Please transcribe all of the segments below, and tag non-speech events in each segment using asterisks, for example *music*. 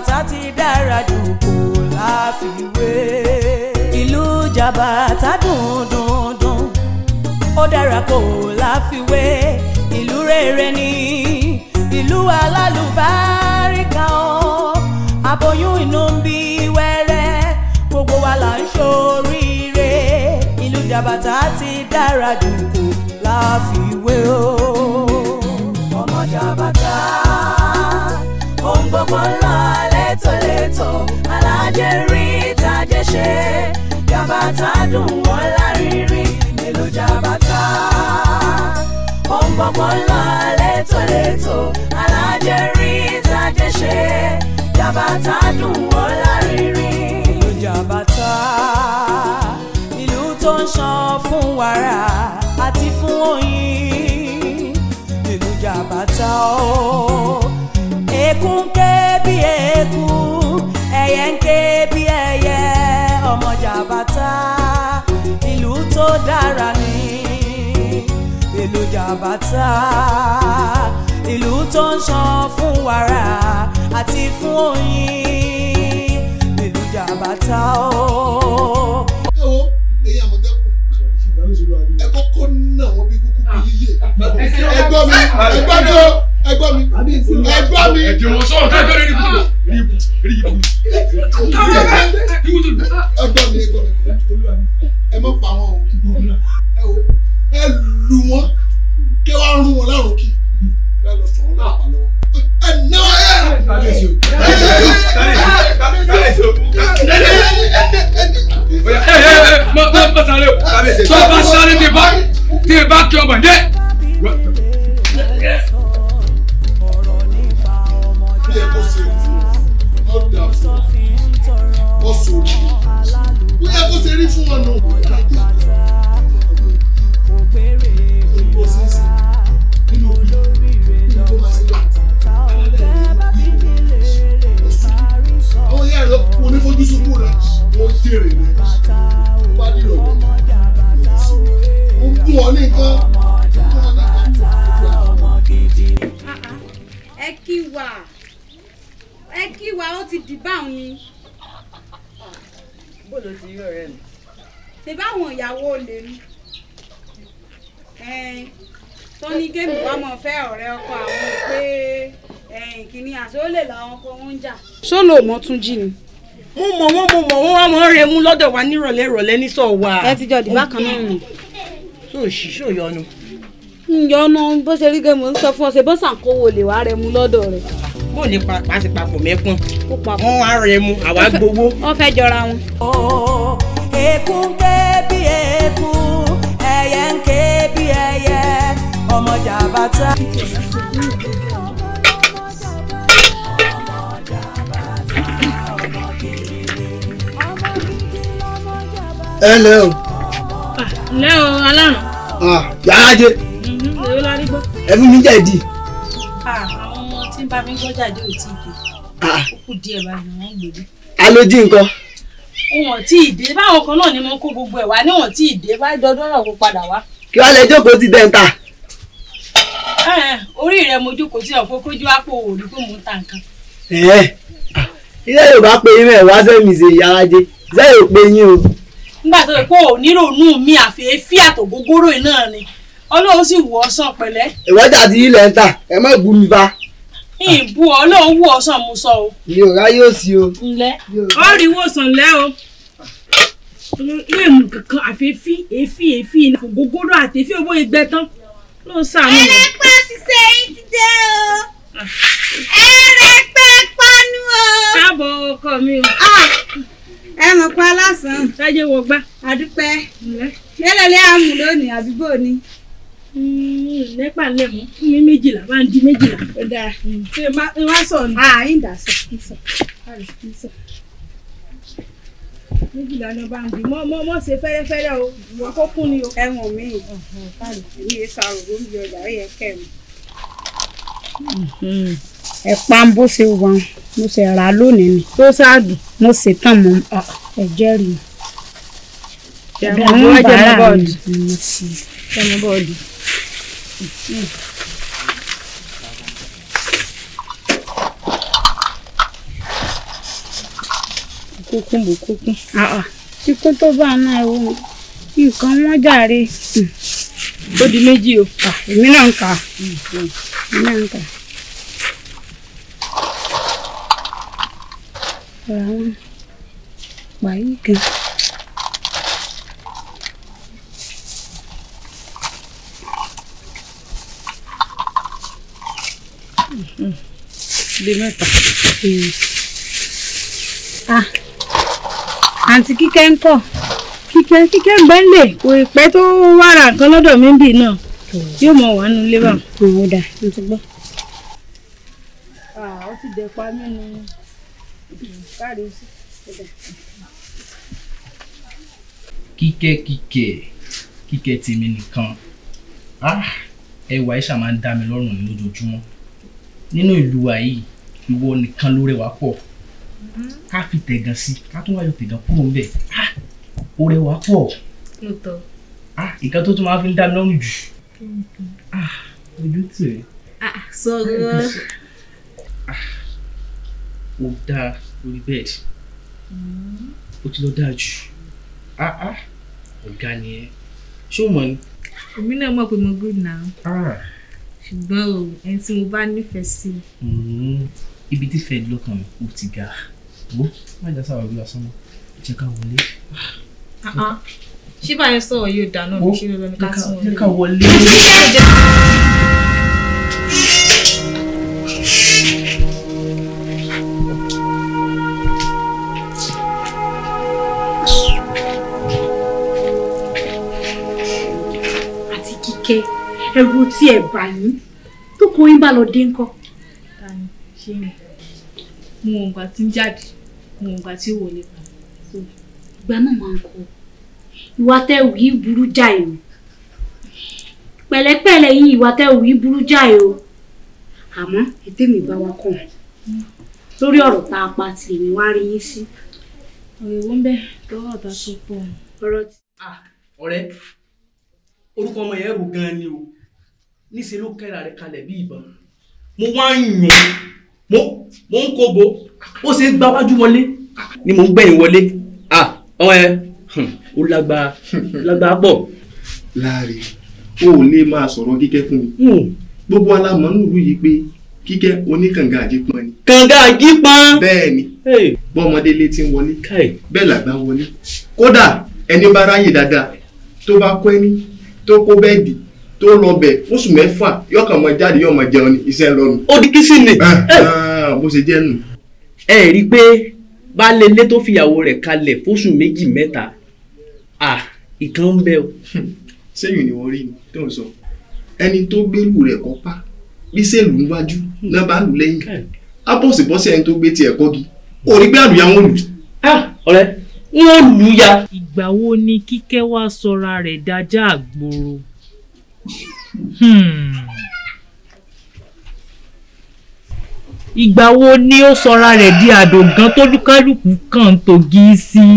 jàbàtà ti dára jù kò láfiwé. ìlú jàbàtà dùn dùn dùn ó dára kò láfiwé. ìlú rere ni ìlú alálùbáríkà o aboyún inú ń bí wẹ́rẹ́ gbogbo wa là ń ṣoríire ìlú jàbàtà ti dára jù ṣètò alájẹ rí ìtàjẹ ṣe jàbàtà dùn wọ́n lárinrin mélòó jàbàtà ó ń gbọ́gbọ́n lọ létòlétò alájẹ rí ìtàjẹ ṣe jàbàtà dùn wọ́n lárinrin. mélòó jàbàtà ìlú tó ń ṣan fún wàrà àti fún oyin mélòó jàbàtà ó. Ekun ke bi ekun ẹyẹ ń ké bí ẹyẹ ọmọ jàbátá ìlú tó dára ni ìlú jàbátá ìlú tó ń ṣan fún wàrà àti fún oyin ìlú jàbátá o. ẹ wo ẹ̀yin àmọ̀tẹ́kùn ẹ kọ́kọ́ ná àwọn bí kúkú bí yíyé ẹ gbọ́ mi ẹ gbọ́ mi ẹ gbọ́ mi ẹ gbọ́ mi. ẹ̀dùn sọ̀rọ̀ tó ń bẹ̀rẹ̀ ní kúrò rí ibu ẹ gbọ́ wọn fún wọn ní nǹkan. ẹ kí wa ẹ kí wa ó ti dìbà òun ni. bó ló ti rí ọ̀rẹ́ mi. tèbá àwọn ìyàwó olè ni tó ní géèmù wa mọ̀ fẹ́ ọ̀rẹ́ ọkọ àwọn pé kìnìún àti olè làwọn ọkọ wọn ń jà. sólò mọ́ jí ni mo mọ̀ wọ́n mo mọ̀ wọ́n wá wọ́n rẹ̀ mú lọ́dọ̀ wa nírọ̀lẹ́ ní sọ wa. ẹ ti jọ dìbà kan náà nù. Mm-hmm ṣìṣó yọnu. ǹyọnu bó ṣe rí gẹ́gẹ́ mo ń sọ fún ọ ṣe bó sàn lè wá rẹ mu lọ́dọ̀ rẹ̀. bó lè pa pàṣẹ papọ̀ mẹ́pọ̀n wọ́n wá rẹ mu àwa gbowó. wọ́n fẹ́ jọra wọn. èkún gbé bí èkún ẹyẹ ń ké bí ẹyẹ ọmọ jàbátá. ẹ lẹ́ o. lẹ́ o alárùn yàrá jẹ ẹbí mi jẹ̀dí. Ah, àwọn ọmọ tí ń bá mi gbọ́ jáde ò tí ì dé ah. ó kù díẹ̀ báyìí wọ́n ń gbèdé. alójú nǹkan. wọn tí ì dé báwọn kan náà ni mo kó gbogbo ẹ̀ wá níwọ̀n tí ì dé bá dọdọ́ náà kó padà wá. kí wàá lẹ jókòó ti dẹ́ńtà. Eh, orí rẹ mo jókòó tí ọ̀pọ̀ kójú àpò òòlù pé mò ń ta nǹkan. Ah, ilé yorùbá pé yín mẹ́ẹ̀ wá sẹ́mi ṣe ìyára jẹ sẹ́yìn ò pé yín o nígbà tó yẹ kó o níròónú mi àfi èéfì àtògógóró náà ni ọlọ́run sì wù ọ́ sàn pẹ̀lẹ́. ìwọ́jà ti ilẹ̀ ń tà ẹ má bú mi bá. ìbú ọlọ́run wù ọ́ sàn mo sọ o. mi ò ráyè òsì o. ǹlẹ́ ọ rí ìwòsàn lẹ́ o ilé ìmù kankan àfi èéfì èéfì èéfì àtògógóró àti èéfì owó ìgbẹ́ tán ló ń sàánú. ẹlẹ́pàá ṣiṣẹ́ yìí ti dé o. Ah. ẹlẹ́pàá panu o. káàbọ̀ ọkọ mi o. Ah ẹ mọ̀ pa lásán. ṣáájú wọ gbá. àdúpẹ́ yẹlẹ lé àmú lónìí àdúgbò ni. nípa ńlẹ̀ mọ́ fún mi méjìlá máa ń di méjìlá. ó dáa ṣe wá sọ ni. àà ń dà sọ méjìlá ni ọba ń bí mọ mọ mọ ṣe fẹ́rẹ́fẹ́rẹ́ o ìwọ kó kún ni o. ẹ̀wọ̀n mi èmi yẹn sọ àrògbó mi ọjà ó yẹ kẹrin ẹ̀pà ń bó ṣe wọ́n mo ṣe rà á lónìí ni. tó ṣáàdù. mo ṣe tán mo ẹ jẹ́rìí. ìdààmú bàárà mi mo ti. jẹ́mi bọ́ọ̀dù. kúkún bò kúkún. ikú tó bá náà ó nǹkan wọ́n jàre. ó di méjì o. èmi náà ń kà. èmi náà ń kà. Raul Maiga. Bí mẹ́ta. Ah! Àǹtí kíkẹ́ ń kọ̀. Kíkẹ́ kíkẹ́ ń bẹ́ńlẹ̀. Kò ì pẹ́ tó wàrà nǹkan lọ́dọ̀ mi bì náà. Yóò mọ̀ wá nínú ilé bá. Àwọn ọ̀dà ló ti gbọ́. Ó ti dẹ̀ pa mí nu kíkẹ́ kíkẹ́ kíkẹ́ tèmi nìkan ah, ẹwà ẹ̀ ṣá máa ń dá mi lọ́rùn ní lójoojúmọ́ nínú ìlú wa yìí ìwọ nìkan ló rẹwà pọ̀ ká fi tẹ̀gàn sí ká tún wáyọ tẹ̀gàn kúrò ńbẹ̀ ó ah, rẹwà pọ̀ ah, nǹkan tó tún máa fi ń dá mi lọ́rùn jù ojú tì rẹ̀. sọ̀rọ̀ ó dáa lórí bẹ́ẹ̀dì ó ti lọ dáa jù áá ah, ah, ọ̀gá ni ẹ ṣé o mọ̀ ni. èmi náà mọ̀ pé mo good now ah. ṣùgbọ́n o ẹni tí mo bá nífẹ̀ẹ́ sí. Hmm, ibi tí fẹ́ẹ́ lọ́kàn mi ó ti ga wo má dá sáwọn ìlú asán mọ́ jẹ́ ká wọlé. ṣé báyọ̀ sọ̀rọ̀ yóò dáná kí ló lọ ní ká tún wọlé. jẹ́ ká wọlé. jẹ ẹrù tí ẹ bà yín tó kó yín bá lọ dé ńkọ́. ṣé mo ò gbà tí ń jáde mo ò gbà tí ò wọlé pa. ìgbà náà máa ń kọ ìwà tẹ wí burú jáì o pẹ̀lẹ́pẹ̀lẹ́ yìí ìwà tẹ wí burú jáì o àmọ́ ètè mi bá wa kàn lórí ọ̀rọ̀ tá a pa tí èmi wá rí yín sí. ọ̀rọ̀ ìwọ́n bẹ́ẹ̀ lọ́wọ́ ọ̀tá tó pọ̀ ọ̀rọ̀ ti. Ah, ọ̀rẹ́ orúkọ ọmọ yẹn rò gan ni o níṣẹ́ ló kẹ́ra rẹ̀ kalẹ̀ bí ìbọn mo wá ń yàn mo mo ń kobo ó ṣe ń gba wájú wọlé ni mo ń gbẹ̀yìn wọlé ah ọmọ yẹn ó lágbára lágbára pọ̀. láàrè o ò lè máa sọ̀rọ̀ kíkẹ́ fún mi gbogbo alámọ̀ ń lù yìí pé kíkẹ́ oníkànga àjípọn ni. kànga àjípọn. bẹ́ẹ̀ ni bọ́mọdé lé ti ń wọlé bẹ́ẹ̀ làgbà ń wọlé kódà ẹni bá ráyè dáadáa tó bá kọ́ ẹni tó kó bẹ́ẹ̀dì tó lọ bẹ̀ fóṣù mẹ́fà yóò kàn mọ jáde yóò mọ jẹun ní iṣẹ́ lọ́nu. ó di kí sí ni. Ah, ah, bó ṣe jẹ́ nù. ẹ rí i pé baálé ilé tó fìyàwó rẹ̀ kalẹ̀ fóṣù méjì mẹ́ta ah, ìkan ń bẹ o. sẹ́yìn ni wọ́n rí mi tó ń sọ ẹni tó gbérù rẹ̀ kọ́ pa bí sẹ́ẹ̀lù ń wájú náà bá lù lẹ́yìn á bọ̀sibọ́sẹ̀ ẹni tó gbé tiẹ̀ kọ́gi òní gbé àlùyàwó lù. ọ̀rẹ́ wọn lù ú ya. ìgbà wo ni kíkẹ́ wá sọra rẹ̀ dájá àgbòrò. Hmm. ìgbà wo ni ó sọra rẹ̀ di àdògán tó lúkálùkù kàn tògì sí.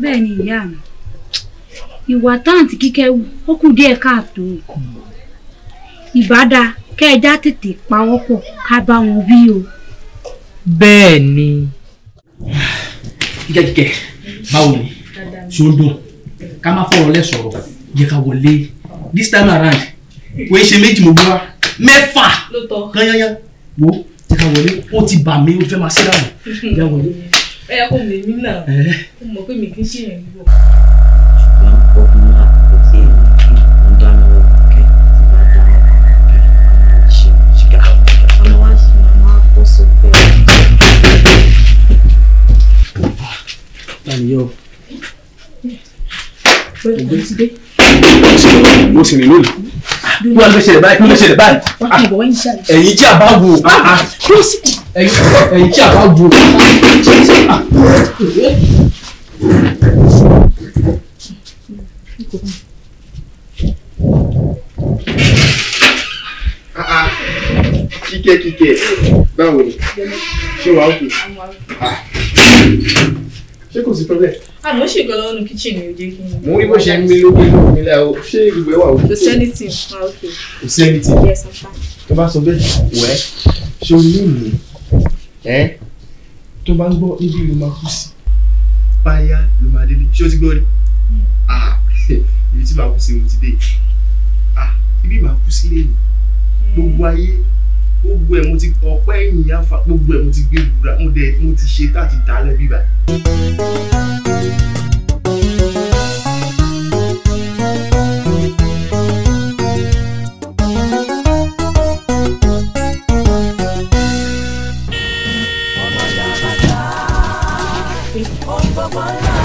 bẹ́ẹ̀ ni ìyá mi ìwà táǹtì kíkẹ́ wù ó kù díẹ̀ káàtó ìbádá kẹ́ẹ̀já tètè pawọ́pọ̀ ká bá wọn wí o. bẹ́ẹ̀ ni kíkẹ́kíkẹ́ báwo ni ṣó ń dùn ká má fọ̀rọ̀ this time around wọ́n ṣe méjì mo gbọ́ fa. kányányá wo yẹ ká wọlé ó ti bà mí ó fẹ́ máa ṣẹ́dá mi yẹ wọlé. ẹ kò mèmí náà mo mọ̀ pé mi kì í ṣe ìrìn àjò. Táníyọ̀. Mo sì ní lónìí. Bí wọ́n lọ ṣẹlẹ̀ báyìí, bí wọ́n lọ ṣẹlẹ̀ báyìí. Ẹ̀yin jí àbá wo? Ah, ah. Ẹ̀yin jí àbá wo? Ah, kíkẹ́ kíkẹ́ báwo ni? Ṣé wàá kù? ṣé kò sí problem. àmọ́ ah, ṣì gan lọ́nu kíchìnì ò jẹ́ kí n. mo rí bó ṣe ń mi lóbi lóbi mi láwo ṣé ìgbẹ́ wà òkè. kò sí anything wà ah, òkè. kò sí anything. yes i'm fine. tó bá sọ bẹ́ẹ̀ wẹ́ ṣé o ní ìlú ẹ́ tó bá ń gbọ́ níbi ló máa kú sí báyà ló máa délé ṣé o ti gbọ́ rí hmm. ah, *laughs* ibi tí màá kú sí mo ti dé ibi màá kú sí lé mi hmm. gbogbo ayé gbogbo ẹ̀ mo ti ọ̀pẹ́ ẹ̀yìn afa gbogbo ẹ̀ mo ti gbé gbura mo dẹ̀ mo ti ṣe láti dálẹ̀ bíbá.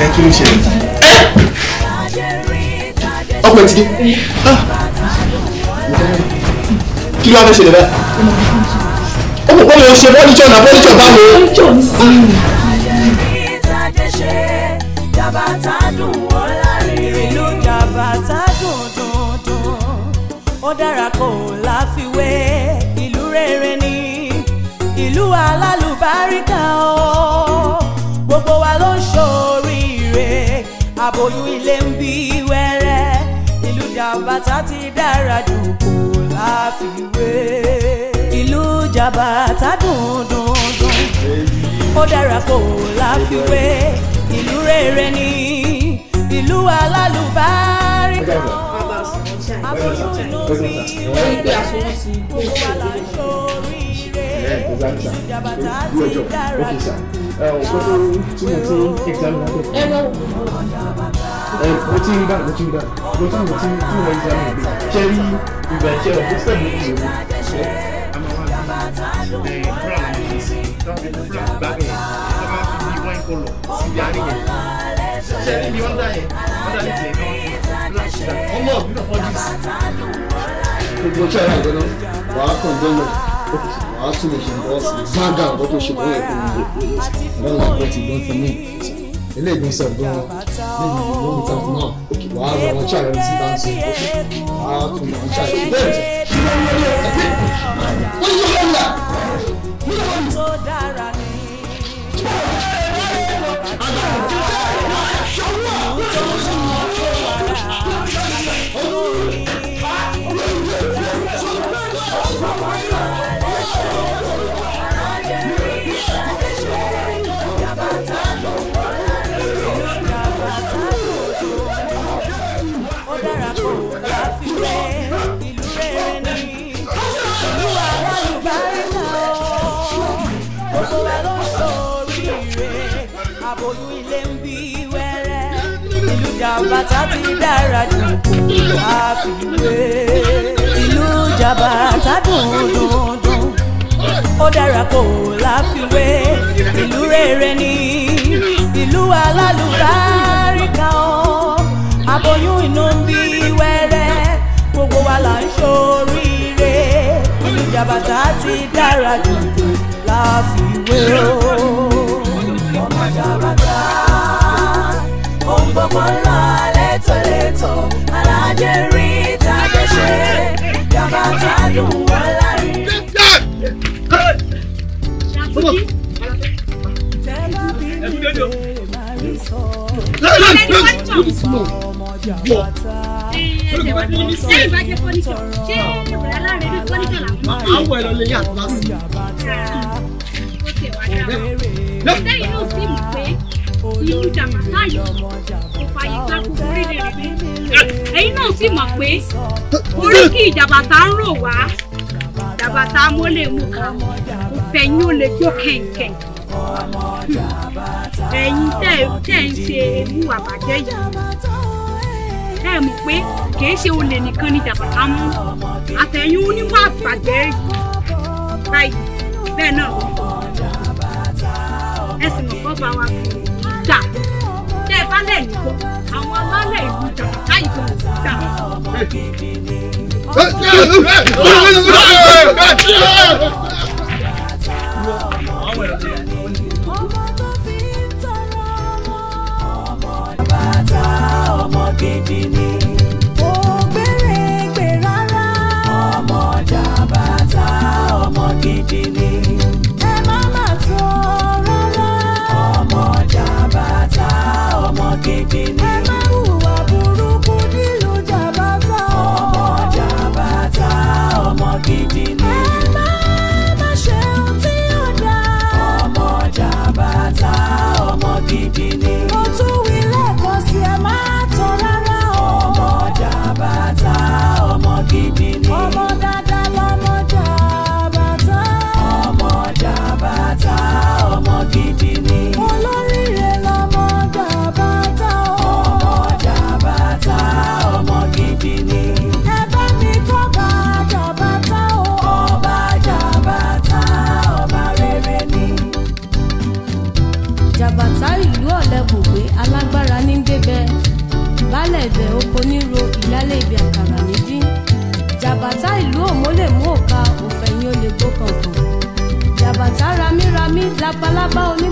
ẹ kí ló ṣẹlẹ̀ ọkọ̀ ti dé ah. kí ló wá fẹ́ ṣẹlẹ̀ báyìí ó mọ̀ pé mo ṣe bọ́líjọ́ náà bọ́líjọ́ bá mi. jàbàtà dùn wọ́n lárinrin ló jàbàtà ni ìlú alálùbáríkà o gbogbo wa ló ń ṣoríire àbòyún ilé ń bí wẹ́rẹ́ ìlú jàbàtà ti dára jù kò láfiwé ìlú jàbàtà dùn dùn dùn ó dára kó láfiwé ìlú rere ni ìlú alálùbáríkà aboyún inú mi ìlú jàbàtà ti dára jù mo ti ń bá ti ń bá mo ti ilẹ̀ brown náà fi black black yẹn tó máa fi bí wine colour sí yarí yẹn ṣe níbi ọ̀dà yẹn ọ̀dà yẹn tiẹ̀ náà black sugar ọmọ ọ̀gbìn náà fọ́jú sí. gbogbo ṣe ara ìgbẹ́ náà wàá kàn gbọ́nà wàá Ọjọ́ ìwé ẹ̀rọ ṣọwọ́ àwọn ọmọ bàtà ti dára jù kò àfiwé ìlú jàbàtà dùn dùn dùn ó dára kò láfiwé ìlú rere ni ìlú alálùbáríkà ọ aboyún inú ń bí wẹ́rẹ́ gbogbo wa là ń ṣoríire ìlú jàbàtà ti dára jù kò láfiwé o ọmọ jàbàtà ohun gbogbo ńlá ètò ètò alájẹ rí tàbí ṣe yàrá tàdùn wọn láàrin. Àwọn ẹ̀rọ lè fàyè gbà kúkú rí rẹ̀ ẹ̀yin náà sì mọ̀ pé orí kí ìjàbàtà ń rò wá ìjàbàtà mọ́lẹ̀ mú ká kò fẹ̀yìn ò lè jó kẹ̀kẹ̀ ẹ̀yin tẹ́ ń ṣe ewu àbàjẹ́ yìí ẹ mọ̀ pé kìí ṣe olè nìkan ni jàbàtà mú àtẹ̀yìn oníwà àgbàjẹ́ báyìí bẹ́ẹ̀ náà ẹ sì mọ̀ kọ́ bá wa jà alálẹ̀ ìlú àwọn alálẹ̀ ìlú jàpátá ìbọn gbà. Ọmọ gidi ni. labalaba oní.